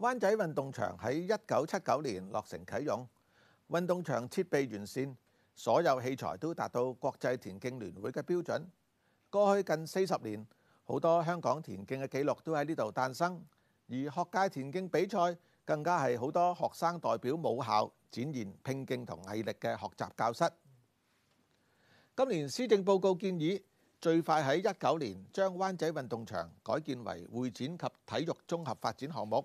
灣仔運動場喺一九七九年落成啟用，運動場設備完善，所有器材都達到國際田徑聯會嘅標準。過去近四十年，好多香港田徑嘅紀錄都喺呢度誕生。而學界田徑比賽更加係好多學生代表母校展現拼勁同毅力嘅學習教室。今年施政報告建議，最快喺一九年將灣仔運動場改建為會展及體育綜合發展項目。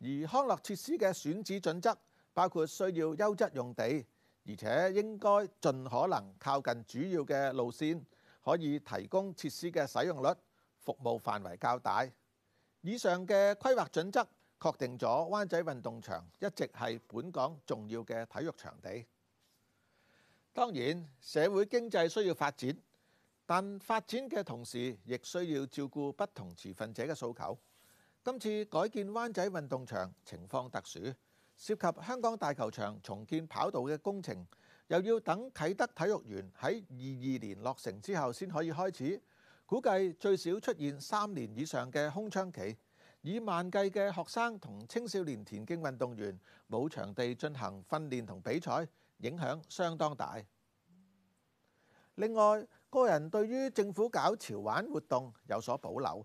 而康樂設施嘅選址準則包括需要優質用地，而且應該盡可能靠近主要嘅路線，可以提供設施嘅使用率，服務範圍較大。以上嘅規劃準則確定咗灣仔運動場一直係本港重要嘅體育場地。當然，社會經濟需要發展，但發展嘅同時亦需要照顧不同持份者嘅訴求。今次改建灣仔運動場情況特殊，涉及香港大球場重建跑道嘅工程，又要等啟德體育園喺二二年落成之後先可以開始，估計最少出現三年以上嘅空窗期，以萬計嘅學生同青少年田徑運動員冇場地進行訓練同比賽，影響相當大。另外，個人對於政府搞潮玩活動有所保留。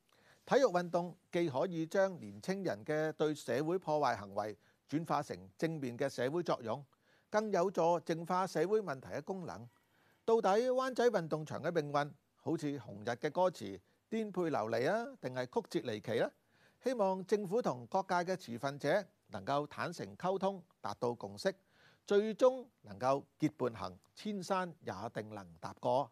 體育運動既可以將年青人嘅對社會破壞行為轉化成正面嘅社會作用，更有助淨化社會問題嘅功能。到底灣仔運動場嘅命運好似紅日嘅歌詞，顛沛流離啊，定係曲折離奇呢？希望政府同各界嘅持份者能夠坦誠溝通，達到共識，最終能夠結伴行，千山也定能踏過。